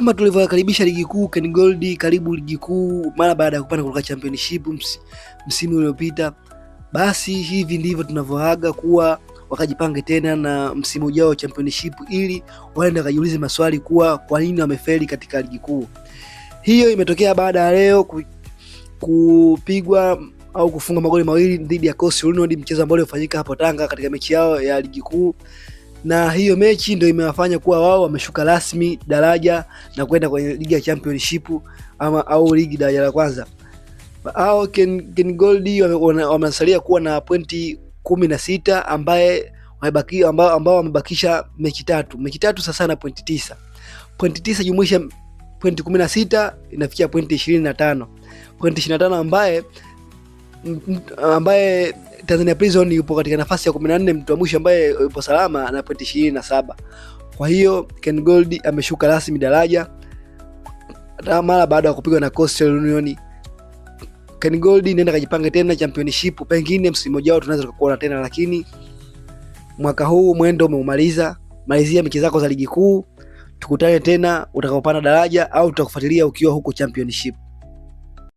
kama tulivyokaribisha ligi kuu Ken Gold, karibu ligi kuu mara baada ya kupanda kutoka championship ms, msimu uliopita, basi hivi ndivyo tunavyoaga kuwa wakajipange tena na msimu ujao wa championship, ili waende wakajiulize maswali kuwa kwa nini wamefeli katika ligi kuu. Hiyo imetokea baada ya leo kupigwa au kufunga magoli mawili dhidi ya Coastal Union, mchezo ambao ulifanyika hapo Tanga katika mechi yao ya ligi kuu na hiyo mechi ndio imewafanya kuwa wao wameshuka rasmi daraja na kwenda kwenye ligi ya championship ama au ligi daraja la kwanza. Hao Ken, Ken Gold wamesalia kuwa na pointi kumi na sita ambaye wamebaki ambao ambao wamebakisha mechi tatu. Mechi tatu sasa na pointi tisa. Pointi tisa jumuisha pointi kumi na sita inafikia pointi ishirini na tano. Pointi ishirini na tano ambaye ambaye Tanzania Prison yupo katika nafasi ya 14 mtu wa mwisho ambaye yupo salama na pointi 27. Kwa hiyo Ken Gold ameshuka rasmi daraja mara baada ya kupigwa na Coastal Union. Ken Gold nenda kajipanga tena championship, pengine msimu ujao tunaweza tukakuona tena, lakini mwaka huu mwendo umeumaliza. Malizia mechi zako za ligi kuu, tukutane tena utakapopanda daraja au tutakufuatilia ukiwa huko championship.